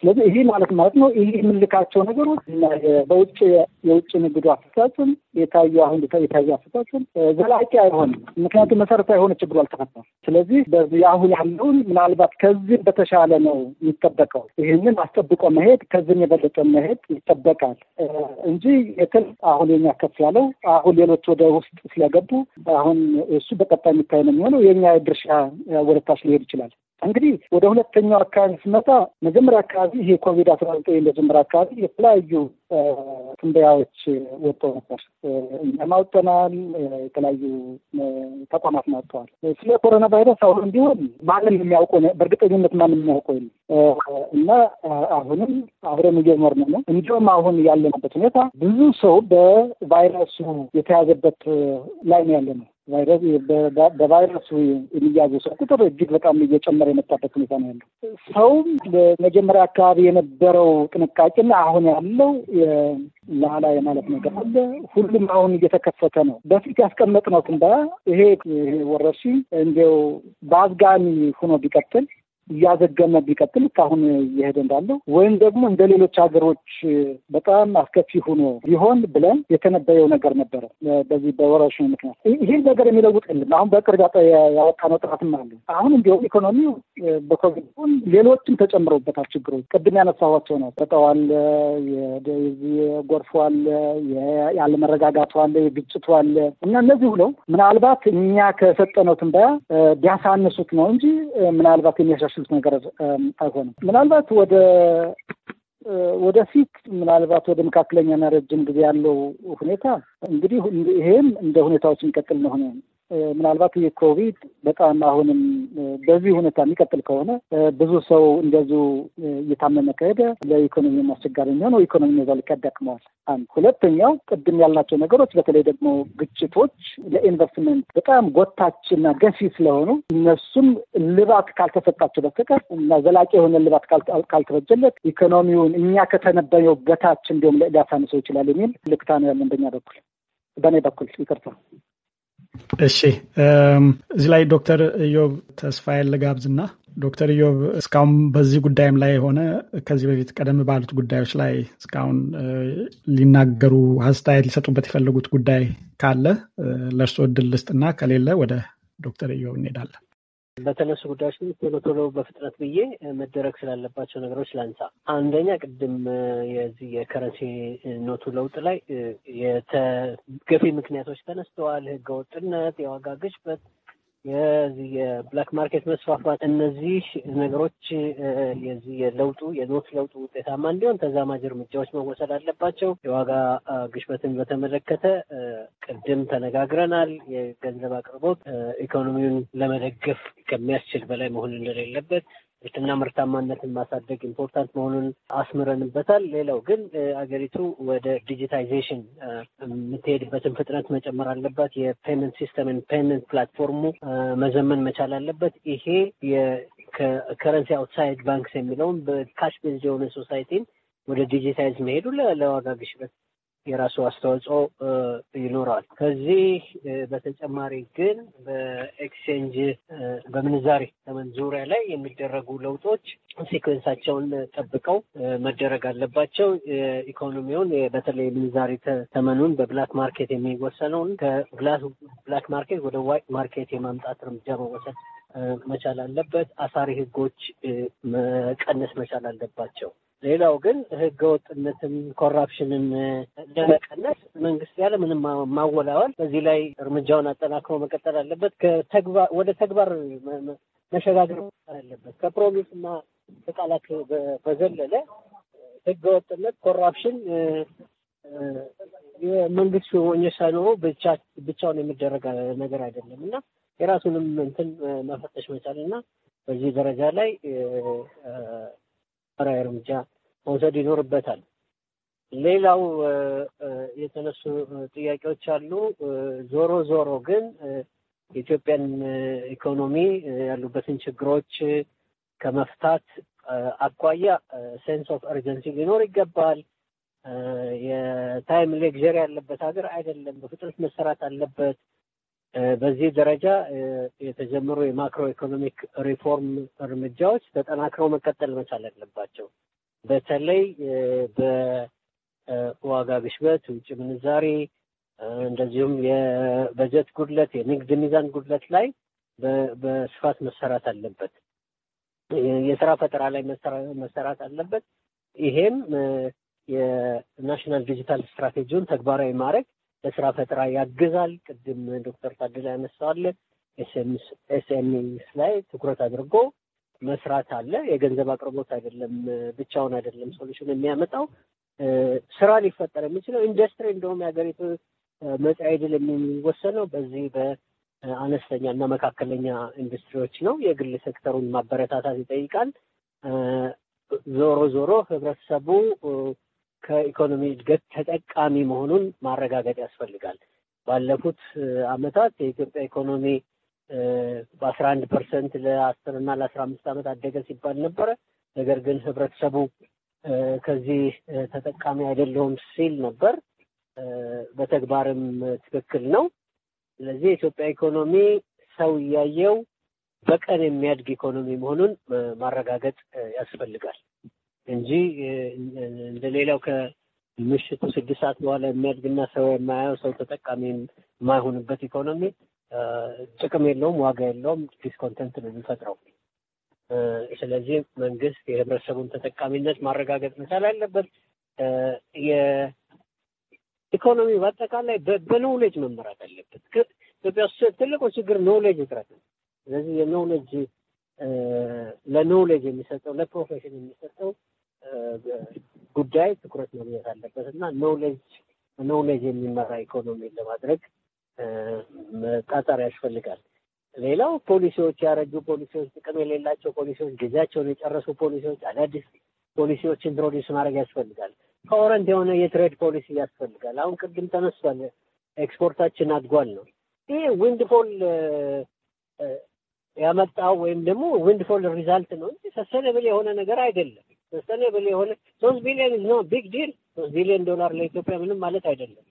ስለዚህ ይሄ ማለት ማለት ነው ይሄ የምንልካቸው ነገሮች በውጭ የውጭ ንግዱ አፈጻጸም የታዩ አሁን የታዩ አፈጻጸም ዘላቂ አይሆንም። ምክንያቱም መሰረታዊ የሆነ ችግሩ አልተፈታም። ስለዚህ በዚህ አሁን ያለውን ምናልባት ከዚህም በተሻለ ነው የሚጠበቀው። ይህንን አስጠብቆ መሄድ ከዚህም የበለጠ መሄድ ይጠበቃል እንጂ የትል አሁን የኛ ከፍ ያለው አሁን ሌሎች ወደ ውስጥ ስለገቡ አሁን እሱ በቀጣይ የሚታይ ነው የሚሆነው። የኛ ድርሻ ወደታች ሊሄድ ይችላል። እንግዲህ ወደ ሁለተኛው አካባቢ ስመጣ መጀመሪያ አካባቢ ይሄ ኮቪድ አስራ ዘጠኝ መጀመሪያ አካባቢ የተለያዩ ትንበያዎች ወጥተው ነበር። እኛም አውጥተናል፣ የተለያዩ ተቋማት ማውጥተዋል። ስለ ኮሮና ቫይረስ አሁንም ቢሆን ማንም የሚያውቀው በእርግጠኝነት ማንም የሚያውቀው የለም እና አሁንም አብረን እየኖርን ነው። እንዲሁም አሁን ያለንበት ሁኔታ ብዙ ሰው በቫይረሱ የተያዘበት ላይ ነው ያለ ነው በቫይረሱ የሚያዙ ሰው ቁጥር እጅግ በጣም እየጨመረ የመጣበት ሁኔታ ነው ያለው። ሰውም በመጀመሪያ አካባቢ የነበረው ጥንቃቄና አሁን ያለው ላላ የማለት ነገር አለ። ሁሉም አሁን እየተከፈተ ነው። በፊት ያስቀመጥነው ትንበያ ይሄ ወረርሽኝ እንዲያው በአዝጋሚ ሆኖ ቢቀጥል እያዘገመ ቢቀጥል እስካሁን እየሄደ እንዳለው ወይም ደግሞ እንደ ሌሎች ሀገሮች በጣም አስከፊ ሆኖ ሊሆን ብለን የተነበየው ነገር ነበረ። በዚህ በወረርሽኙ ምክንያት ይህን ነገር የሚለውጥ የለም። አሁን በቅርብ ያወጣነው ጥናትም አለ። አሁን እንዲሁም ኢኮኖሚው በኮቪድ ሌሎችም ተጨምረውበታል። ችግሮች ቅድም ያነሳኋቸው ነው። ጠጠዋለ አለ፣ የጎርፉ አለ፣ ያለመረጋጋቱ አለ፣ የግጭቱ አለ እና እነዚህ ብለው ምናልባት እኛ ከሰጠነው ትንበያ ቢያሳንሱት ነው እንጂ ምናልባት የሚያሻሽ የሚያስችሉት ነገር አይሆንም። ምናልባት ወደ ወደፊት ምናልባት ወደ መካከለኛና ረጅም ጊዜ ያለው ሁኔታ እንግዲህ ይሄም እንደ ሁኔታዎች የሚቀጥል ነው ምናልባት ይህ ኮቪድ በጣም አሁንም በዚህ ሁኔታ የሚቀጥል ከሆነ ብዙ ሰው እንደዚሁ እየታመመ ከሄደ ለኢኮኖሚ አስቸጋሪ የሚሆነው ኢኮኖሚ በዛው ልክ ያዳክመዋል። አንድ ሁለተኛው ቅድም ያልናቸው ነገሮች በተለይ ደግሞ ግጭቶች ለኢንቨስትመንት በጣም ጎታችና ገፊ ስለሆኑ እነሱም ልባት ካልተሰጣቸው በስተቀር እና ዘላቂ የሆነ ልባት ካልተበጀለት ኢኮኖሚውን እኛ ከተነበየው በታች እንዲሁም ሊያሳንሰው ይችላል የሚል ልክታ ነው ያለን በኛ በኩል በእኔ በኩል ይቅርታ። እሺ እዚህ ላይ ዶክተር ኢዮብ ተስፋዬን ልጋብዝና ዶክተር ኢዮብ እስካሁን በዚህ ጉዳይም ላይ የሆነ ከዚህ በፊት ቀደም ባሉት ጉዳዮች ላይ እስካሁን ሊናገሩ አስተያየት ሊሰጡበት የፈለጉት ጉዳይ ካለ ለእርስዎ እድል ልስጥና ከሌለ ወደ ዶክተር ኢዮብ እንሄዳለን። በተነሱ ጉዳዮች ግን ቶሎ ቶሎ በፍጥነት ብዬ መደረግ ስላለባቸው ነገሮች ላንሳ። አንደኛ ቅድም የዚህ የከረንሲ ኖቱ ለውጥ ላይ የተገፊ ምክንያቶች ተነስተዋል። ህገወጥነት፣ የዋጋ ግሽበት፣ የዚህ የብላክ ማርኬት መስፋፋት እነዚህ ነገሮች የዚህ የለውጡ የኖት ለውጡ ውጤታማ እንዲሆን ተዛማጅ እርምጃዎች መወሰድ አለባቸው። የዋጋ ግሽበትን በተመለከተ ቅድም ተነጋግረናል። የገንዘብ አቅርቦት ኢኮኖሚውን ለመደገፍ ከሚያስችል በላይ መሆን እንደሌለበት ምርትና ምርታማነትን ማሳደግ ኢምፖርታንት መሆኑን አስምረንበታል። ሌላው ግን አገሪቱ ወደ ዲጂታይዜሽን የምትሄድበትን ፍጥነት መጨመር አለባት። የፔመንት ሲስተምን ፔመንት ፕላትፎርሙ መዘመን መቻል አለበት። ይሄ ከረንሲ አውትሳይድ ባንክስ የሚለውን በካሽ ቤዝ የሆነ ሶሳይቲን ወደ ዲጂታይዝ መሄዱ ለዋጋ ግሽበት የራሱ አስተዋጽኦ ይኖረዋል። ከዚህ በተጨማሪ ግን በኤክስቼንጅ በምንዛሬ ተመን ዙሪያ ላይ የሚደረጉ ለውጦች ሲኮንሳቸውን ጠብቀው መደረግ አለባቸው። ኢኮኖሚውን በተለይ ምንዛሬ ተመኑን በብላክ ማርኬት የሚወሰነውን ከብላክ ማርኬት ወደ ዋይት ማርኬት የማምጣት እርምጃ መወሰድ መቻል አለበት። አሳሪ ህጎች መቀነስ መቻል አለባቸው። ሌላው ግን ህገወጥነትን፣ ኮራፕሽንን ለመቀነስ መንግስት ያለ ምንም ማወላወል በዚህ ላይ እርምጃውን አጠናክሮ መቀጠል አለበት። ወደ ተግባር መሸጋገር አለበት። ከፕሮሚስ እና ከቃላት በዘለለ ህገወጥነት፣ ኮራፕሽን የመንግስት ሾኞች ሳይኖሩ ብቻውን የሚደረግ ነገር አይደለም እና የራሱንም እንትን መፈተሽ መቻል እና በዚህ ደረጃ ላይ መራዊ እርምጃ መውሰድ ይኖርበታል። ሌላው የተነሱ ጥያቄዎች አሉ። ዞሮ ዞሮ ግን የኢትዮጵያን ኢኮኖሚ ያሉበትን ችግሮች ከመፍታት አኳያ ሴንስ ኦፍ እርጀንሲ ሊኖር ይገባል። የታይም ሌግዠሪ ያለበት ሀገር አይደለም። በፍጥነት መሰራት አለበት። በዚህ ደረጃ የተጀመሩ የማክሮ ኢኮኖሚክ ሪፎርም እርምጃዎች ተጠናክረው መቀጠል መቻል አለባቸው። በተለይ በዋጋ ግሽበት፣ ውጭ ምንዛሬ፣ እንደዚሁም የበጀት ጉድለት፣ የንግድ ሚዛን ጉድለት ላይ በስፋት መሰራት አለበት። የስራ ፈጠራ ላይ መሰራት አለበት። ይሄም የናሽናል ዲጂታል ስትራቴጂውን ተግባራዊ ማድረግ ለስራ ፈጠራ ያግዛል። ቅድም ዶክተር ታደላ ያነሳዋለ ኤስኤምኤስ ላይ ትኩረት አድርጎ መስራት አለ። የገንዘብ አቅርቦት አይደለም ብቻውን አይደለም ሶሉሽን የሚያመጣው ስራ ሊፈጠር የሚችለው ኢንዱስትሪ እንደውም የሀገሪቱ መጻኢ ዕድል የሚወሰነው በዚህ በአነስተኛ እና መካከለኛ ኢንዱስትሪዎች ነው። የግል ሴክተሩን ማበረታታት ይጠይቃል። ዞሮ ዞሮ ህብረተሰቡ ከኢኮኖሚ እድገት ተጠቃሚ መሆኑን ማረጋገጥ ያስፈልጋል። ባለፉት አመታት የኢትዮጵያ ኢኮኖሚ በአስራ አንድ ፐርሰንት ለአስር እና ለአስራ አምስት ዓመት አደገ ሲባል ነበረ። ነገር ግን ህብረተሰቡ ከዚህ ተጠቃሚ አይደለሁም ሲል ነበር። በተግባርም ትክክል ነው። ስለዚህ የኢትዮጵያ ኢኮኖሚ ሰው እያየው በቀን የሚያድግ ኢኮኖሚ መሆኑን ማረጋገጥ ያስፈልጋል። እንጂ እንደሌላው ከምሽቱ ስድስት ሰዓት በኋላ የሚያድግና ሰው የማያየው ሰው ተጠቃሚ የማይሆንበት ኢኮኖሚ ጥቅም የለውም፣ ዋጋ የለውም፣ ዲስኮንተንት ነው የሚፈጥረው። ስለዚህ መንግስት የህብረተሰቡን ተጠቃሚነት ማረጋገጥ መቻል አለበት። የኢኮኖሚ በአጠቃላይ በኖውሌጅ መመራት አለበት። ኢትዮጵያ ውስጥ ትልቁ ችግር ኖውሌጅ እጥረት ነው። ስለዚህ የኖውሌጅ ለኖውሌጅ የሚሰጠው ለፕሮፌሽን የሚሰጠው ጉዳይ ትኩረት መግኘት አለበት እና ኖሌጅ የሚመራ ኢኮኖሚን ለማድረግ መጣጠር ያስፈልጋል። ሌላው ፖሊሲዎች፣ ያረጁ ፖሊሲዎች፣ ጥቅም የሌላቸው ፖሊሲዎች፣ ጊዜያቸውን የጨረሱ ፖሊሲዎች፣ አዳዲስ ፖሊሲዎች ኢንትሮዲስ ማድረግ ያስፈልጋል። ከኦረንት የሆነ የትሬድ ፖሊሲ ያስፈልጋል። አሁን ቅድም ተነስቷል፣ ኤክስፖርታችን አድጓል ነው ይህ ዊንድፎል ያመጣው ወይም ደግሞ ዊንድፎል ሪዛልት ነው እንጂ ሰስተነብል የሆነ ነገር አይደለም። ሰስተኔብል የሆነ ሶስት ቢሊዮን ነው ቢግ ዲል ሶስት ቢሊዮን ዶላር ለኢትዮጵያ ምንም ማለት አይደለም።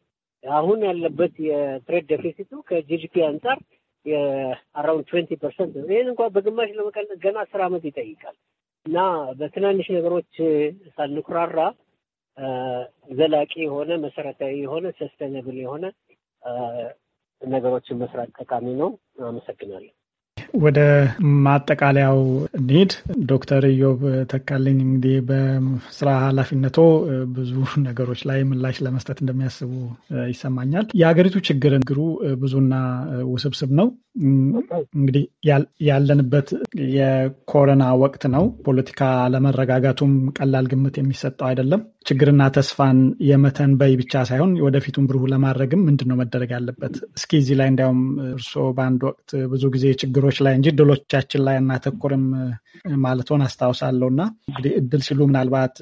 አሁን ያለበት የትሬድ ዴፊሲቱ ከጂዲፒ አንጻር የአራውንድ ትዌንቲ ፐርሰንት ነው። ይህን እንኳን በግማሽ ለመቀነስ ገና አስር ዓመት ይጠይቃል እና በትናንሽ ነገሮች ሳንኩራራ ዘላቂ የሆነ መሰረታዊ የሆነ ሰስተነብል የሆነ ነገሮችን መስራት ጠቃሚ ነው። አመሰግናለሁ። ወደ ማጠቃለያው እንሄድ። ዶክተር ኢዮብ ተካልኝ እንግዲህ በስራ ኃላፊነቶ ብዙ ነገሮች ላይ ምላሽ ለመስጠት እንደሚያስቡ ይሰማኛል። የሀገሪቱ ችግር ግሩ ብዙና ውስብስብ ነው። እንግዲህ ያለንበት የኮረና ወቅት ነው። ፖለቲካ አለመረጋጋቱም ቀላል ግምት የሚሰጠው አይደለም። ችግርና ተስፋን የመተንበይ ብቻ ሳይሆን ወደፊቱን ብሩህ ለማድረግም ምንድን ነው መደረግ ያለበት? እስኪ እዚህ ላይ እንዲያውም እርስዎ በአንድ ወቅት ብዙ ጊዜ ችግሮች ላይ እንጂ እድሎቻችን ላይ እናተኩርም ማለቶን አስታውሳለሁ እና እንግዲህ እድል ሲሉ ምናልባት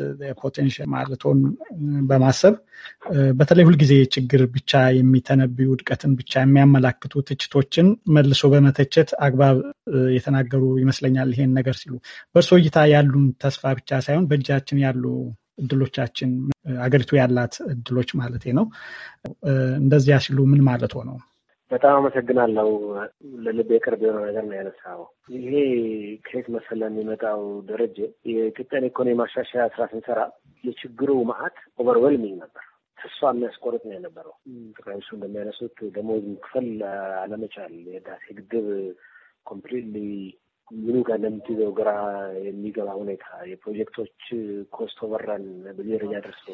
ፖቴንሽል ማለቶን በማሰብ በተለይ ሁልጊዜ ችግር ብቻ የሚተነብዩ ውድቀትን ብቻ የሚያመላክቱ ትችቶችን መልሶ በመተቸት አግባብ የተናገሩ ይመስለኛል። ይሄን ነገር ሲሉ በእርሶ እይታ ያሉን ተስፋ ብቻ ሳይሆን በእጃችን ያሉ እድሎቻችን፣ አገሪቱ ያላት እድሎች ማለት ነው። እንደዚያ ሲሉ ምን ማለት ሆነው? በጣም አመሰግናለሁ። ለልብ የቅርብ የሆነ ነገር ነው ያነሳው። ይሄ ከየት መሰለ የሚመጣው ደረጀ የኢትዮጵያን ኢኮኖሚ ማሻሻያ ስራ ስንሰራ የችግሩ መዓት ኦቨርዌልሚንግ ነበር። ተስፋ የሚያስቆርጥ ነው የነበረው። ጠቅላይ ሚኒስትሩ እንደሚያነሱት ደሞዝ መክፈል አለመቻል፣ የህዳሴ ግድብ ኮምፕሊትሊ ምኑ ጋር እንደምትይዘው ግራ የሚገባ ሁኔታ፣ የፕሮጀክቶች ኮስት ኦቨራን በዚህ ደረጃ ደርሶ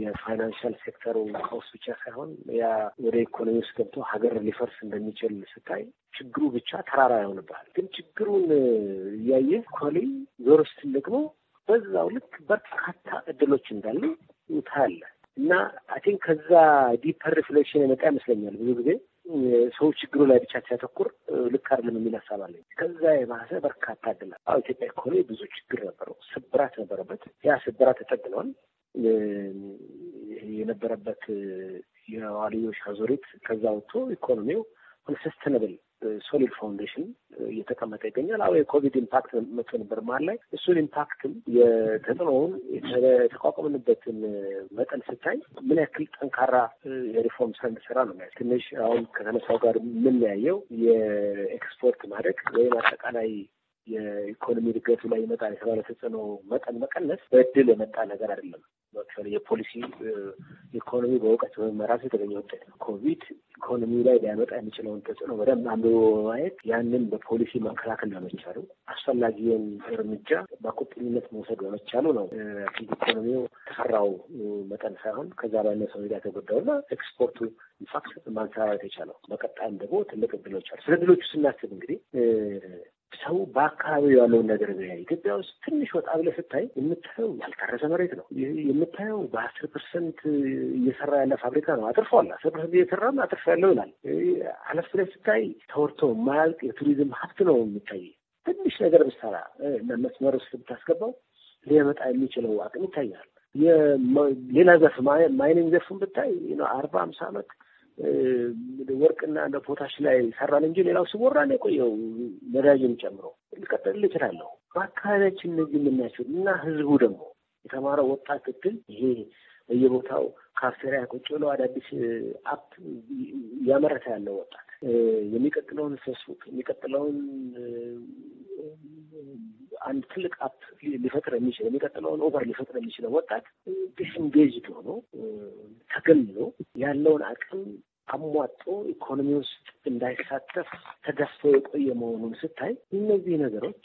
የፋይናንሻል ሴክተሩ ቀውስ ብቻ ሳይሆን ያ ወደ ኢኮኖሚ ውስጥ ገብቶ ሀገር ሊፈርስ እንደሚችል ስታይ ችግሩ ብቻ ተራራ ይሆንብሃል። ግን ችግሩን እያየ ኮሊ ዞር ስትል ደግሞ በዛው ልክ በርካታ እድሎች እንዳሉ ታያለህ። እና አይ ቲንክ ከዛ ዲፐር ሪፍሌክሽን የመጣ ይመስለኛል። ብዙ ጊዜ ሰው ችግሩ ላይ ብቻ ሲያተኩር ልክ አይደለም የሚል ሀሳብ አለኝ። ከዛ የባሰ በርካታ ድላ አሁ ኢትዮጵያ ኢኮኖሚ ብዙ ችግር ነበረው፣ ስብራት ነበረበት። ያ ስብራት ተጠግነዋል። የነበረበት የዋልዮች አዙሪት ከዛ ወጥቶ ኢኮኖሚው ሰስተነብል ሶሊድ ፋውንዴሽን እየተቀመጠ ይገኛል። አሁ የኮቪድ ኢምፓክት መጥቶ ነበር መሀል ላይ እሱን ኢምፓክትም የተጽዕኖውን የተቋቋምንበትን መጠን ስታይ ምን ያክል ጠንካራ የሪፎርም ስራ ነው። ትንሽ አሁን ከተነሳው ጋር የምንለያየው የኤክስፖርት ማድረግ ወይም አጠቃላይ የኢኮኖሚ እድገቱ ላይ ይመጣል የተባለ ተጽዕኖ መጠን መቀነስ በእድል የመጣ ነገር አይደለም። ለምሳሌ የፖሊሲ ኢኮኖሚ በእውቀት በመመራት የተገኘ ውጤት ነው። ኮቪድ ኢኮኖሚ ላይ ሊያመጣ የሚችለውን ተጽዕኖ በደንብ አንብቦ በማየት ያንን በፖሊሲ መከላከል በመቻሉ አስፈላጊውን እርምጃ በቁጥኝነት መውሰድ በመቻሉ ነው ኢኮኖሚው ተፈራው መጠን ሳይሆን ከዛ ባነሰ ሁኔታ የተጎዳውና ኤክስፖርቱ ኢንፋክት ማንሰራራት የቻለው በቀጣይም ደግሞ ትልቅ እድሎች አሉ። ስለ እድሎቹ ስናስብ እንግዲህ ሰው በአካባቢው ያለውን ነገር ቢያይ ኢትዮጵያ ውስጥ ትንሽ ወጣ ብለህ ስታይ የምታየው ያልታረሰ መሬት ነው። የምታየው በአስር ፐርሰንት እየሰራ ያለ ፋብሪካ ነው። አጥርፏል። አስር ፐርሰንት እየሰራ አጥርፎ ያለው ይላል። አለፍ ብለህ ስታይ ተወርቶ ማያልቅ የቱሪዝም ሀብት ነው የሚታይ። ትንሽ ነገር ብትሰራ እና መስመር ውስጥ ብታስገባው ሊያመጣ የሚችለው አቅም ይታያል። ሌላ ዘርፍ ማይኒንግ ዘርፍን ብታይ አርባ አምሳ አመት ወርቅና እንደ ፖታሽ ላይ ሰራን እንጂ ሌላው ሲወራ ነው የቆየው። ነዳጅም ጨምሮ ልቀጥል እችላለሁ። በአካባቢያችን እነዚህ የምናያቸው እና ህዝቡ ደግሞ የተማረው ወጣት እድል ይሄ በየቦታው ካፍቴሪያ ቁጭ አዳዲስ አፕ እያመረተ ያለው ወጣት የሚቀጥለውን ፌስቡክ የሚቀጥለውን አንድ ትልቅ አፕ ሊፈጥር የሚችለው የሚቀጥለውን ኦቨር ሊፈጥር የሚችለው ወጣት ዲስንጌጅድ ሆኖ ተገልሎ ያለውን አቅም አሟጦ ኢኮኖሚ ውስጥ እንዳይሳተፍ ተገፍቶ የቆየ መሆኑን ስታይ እነዚህ ነገሮች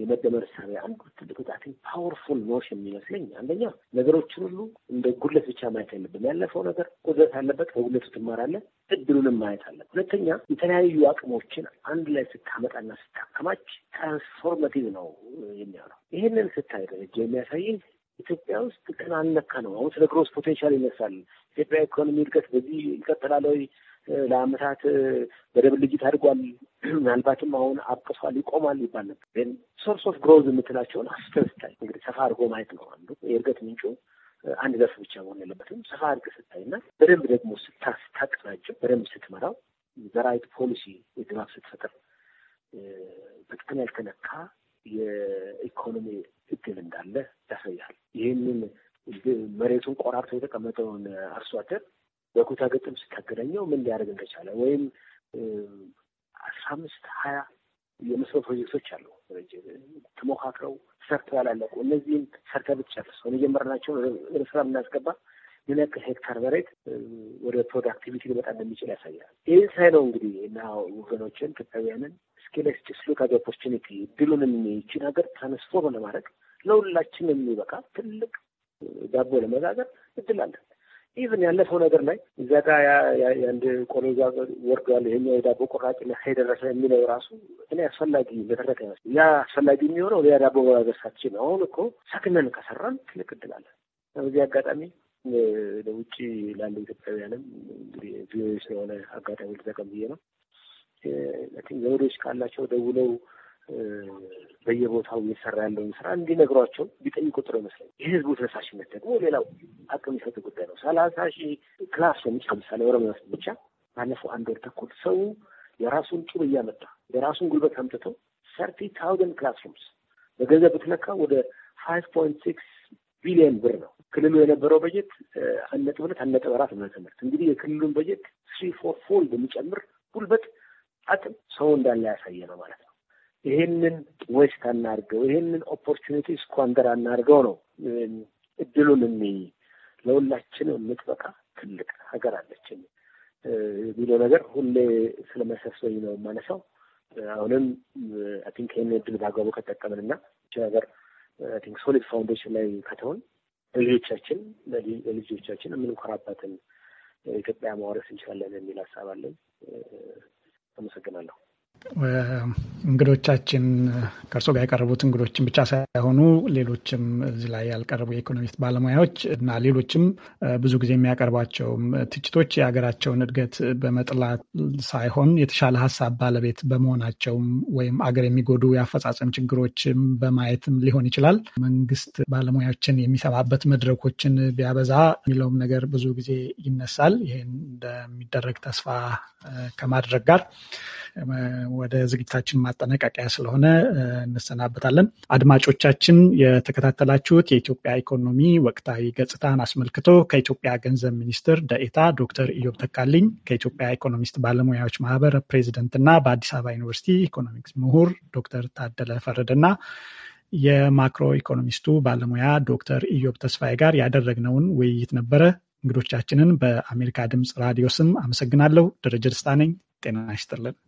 የመደመር ሳቢያ አንዱ ትልቅ ጣቴ ፓወርፉል ኖሽ የሚመስለኝ አንደኛ ነገሮችን ሁሉ እንደ ጉድለት ብቻ ማየት የለብም። ያለፈው ነገር ጉድለት አለበት፣ ከጉድለቱ ትማራለህ፣ እድሉንም ማየት አለ። ሁለተኛ የተለያዩ አቅሞችን አንድ ላይ ስታመጣና ስታከማች ትራንስፎርማቲቭ ነው የሚሆነው። ይህንን ስታይ ደረጃ የሚያሳይ ኢትዮጵያ ውስጥ ግን አልነካ ነው። አሁን ስለ ግሮስ ፖቴንሻል ይነሳል። ኢትዮጵያ ኢኮኖሚ እድገት በዚህ ይቀጥላል ወይ? ለአመታት በደብል ልጅት አድጓል፣ ምናልባትም አሁን አብቅሷል ይቆማል ይባል ነበር። ግን ሶርስ ኦፍ ግሮዝ የምትላቸውን አስተር ስታይ እንግዲህ ሰፋ አድርጎ ማየት ነው አንዱ የእድገት ምንጩ አንድ ዘርፍ ብቻ መሆን የለበትም። ሰፋ አድርገህ እና በደንብ ደግሞ ስታቅናቸው፣ በደንብ ስትመራው ዘራይት ፖሊሲ የድባብ ስትፈጥር በጣም ያልተነካ የኢኮኖሚ እድል እንዳለ ያሳያል። ይህንን መሬቱን ቆራርቶ የተቀመጠውን አርሶ አደር በኩታ ገጥም ስታገናኘው ምን ሊያደርግ እንደቻለ ወይም አስራ አምስት ሀያ የመስኖ ፕሮጀክቶች አሉ ተሞካክረው ሰርተው ያላለቁ እነዚህም ሰርተ ብትጨርስ ሆነ ወደ ስራ የምናስገባ ምን ያክል ሄክታር መሬት ወደ ፕሮዳክቲቪቲ ሊመጣ እንደሚችል ያሳያል። ይህን ሳይ ነው እንግዲህ እና ወገኖችን ኢትዮጵያውያንን ስኬለስችስ ሉክ አዝ ኦፖርቹኒቲ ድሉንም ይችን ሀገር ትራንስፎርም ለማድረግ ለሁላችን የሚበቃ ትልቅ ዳቦ ለመጋገር እድል አለን። ኢቭን ያለፈው ነገር ላይ እዛ ጋ የአንድ ቆሎ ዛ ወርዷል ይሄኛው የዳቦ ቆራጭ የደረሰ የሚለው ራሱ እኔ አስፈላጊ በተረከ ይመስል ያ አስፈላጊ የሚሆነው ሌላ ዳቦ መጋገር ሳችን ነው። አሁን እኮ ሰክነን ከሰራን ትልቅ እድል አለን። በዚህ አጋጣሚ ለውጭ ላለው ኢትዮጵያውያንም እንግዲህ ቪኦኤ ስለሆነ አጋጣሚ ልጠቀም ብዬ ነው ዘመዶች ካላቸው ደውለው በየቦታው እየሰራ ያለውን ስራ እንዲነግሯቸው ቢጠይቁ ጥሩ ይመስለኛል። የህዝቡ ተነሳሽነት ደግሞ ሌላው አቅም የሰጡ ጉዳይ ነው። ሰላሳ ሺህ ክላስሮሞች ለምሳሌ ኦሮሚያ ውስጥ ብቻ ባለፈው አንድ ወር ተኩል ሰው የራሱን ጩብ እያመጣ የራሱን ጉልበት አምጥተው ሰርቲ ታውዘንድ ክላስሮምስ በገንዘብ ብትለካ ወደ ፋይቭ ፖይንት ሲክስ ቢሊዮን ብር ነው። ክልሉ የነበረው በጀት አንድ ነጥብ ሁለት አንድ ነጥብ አራት ነው እንግዲህ የክልሉን በጀት ስሪ ፎር ፎልድ የሚጨምር ጉልበት ማምጣትም ሰው እንዳለ ያሳየ ነው ማለት ነው። ይህንን ዌስት አናርገው፣ ይህንን ኦፖርቹኒቲ ስኳንደር አናርገው ነው እድሉን የሚ ለሁላችን የምትበቃ ትልቅ ሀገር አለችን የሚለው ነገር ሁሌ ስለሚያሳስበኝ ነው የማነሳው። አሁንም አይ ቲንክ ይህን እድል በአግባቡ ከጠቀምን እና ይህችን ሀገር አይ ቲንክ ሶሊድ ፋውንዴሽን ላይ ከተሆን ልጆቻችን ለልጆቻችን የምንኮራባትን ኢትዮጵያ ማውረስ እንችላለን የሚል ሀሳብ አለን። አመሰግናለሁ። እንግዶቻችን ከእርሶ ጋር የቀረቡት እንግዶችን ብቻ ሳይሆኑ ሌሎችም እዚህ ላይ ያልቀረቡ የኢኮኖሚስት ባለሙያዎች እና ሌሎችም ብዙ ጊዜ የሚያቀርቧቸው ትችቶች የሀገራቸውን እድገት በመጥላት ሳይሆን የተሻለ ሀሳብ ባለቤት በመሆናቸውም ወይም አገር የሚጎዱ የአፈጻጸም ችግሮችም በማየትም ሊሆን ይችላል። መንግስት ባለሙያዎችን የሚሰማበት መድረኮችን ቢያበዛ የሚለውም ነገር ብዙ ጊዜ ይነሳል። ይህን እንደሚደረግ ተስፋ ከማድረግ ጋር ወደ ዝግጅታችን ማጠናቀቂያ ስለሆነ እንሰናበታለን። አድማጮቻችን የተከታተላችሁት የኢትዮጵያ ኢኮኖሚ ወቅታዊ ገጽታን አስመልክቶ ከኢትዮጵያ ገንዘብ ሚኒስትር ደኤታ ዶክተር ኢዮብ ተካልኝ ከኢትዮጵያ ኢኮኖሚስት ባለሙያዎች ማህበር ፕሬዚደንትና በአዲስ አበባ ዩኒቨርሲቲ ኢኮኖሚክስ ምሁር ዶክተር ታደለ ፈረደና የማክሮ ኢኮኖሚስቱ ባለሙያ ዶክተር ኢዮብ ተስፋዬ ጋር ያደረግነውን ውይይት ነበረ። እንግዶቻችንን በአሜሪካ ድምፅ ራዲዮ ስም አመሰግናለሁ። ደረጀ ደስታ ነኝ። ጤና ይስጥልን።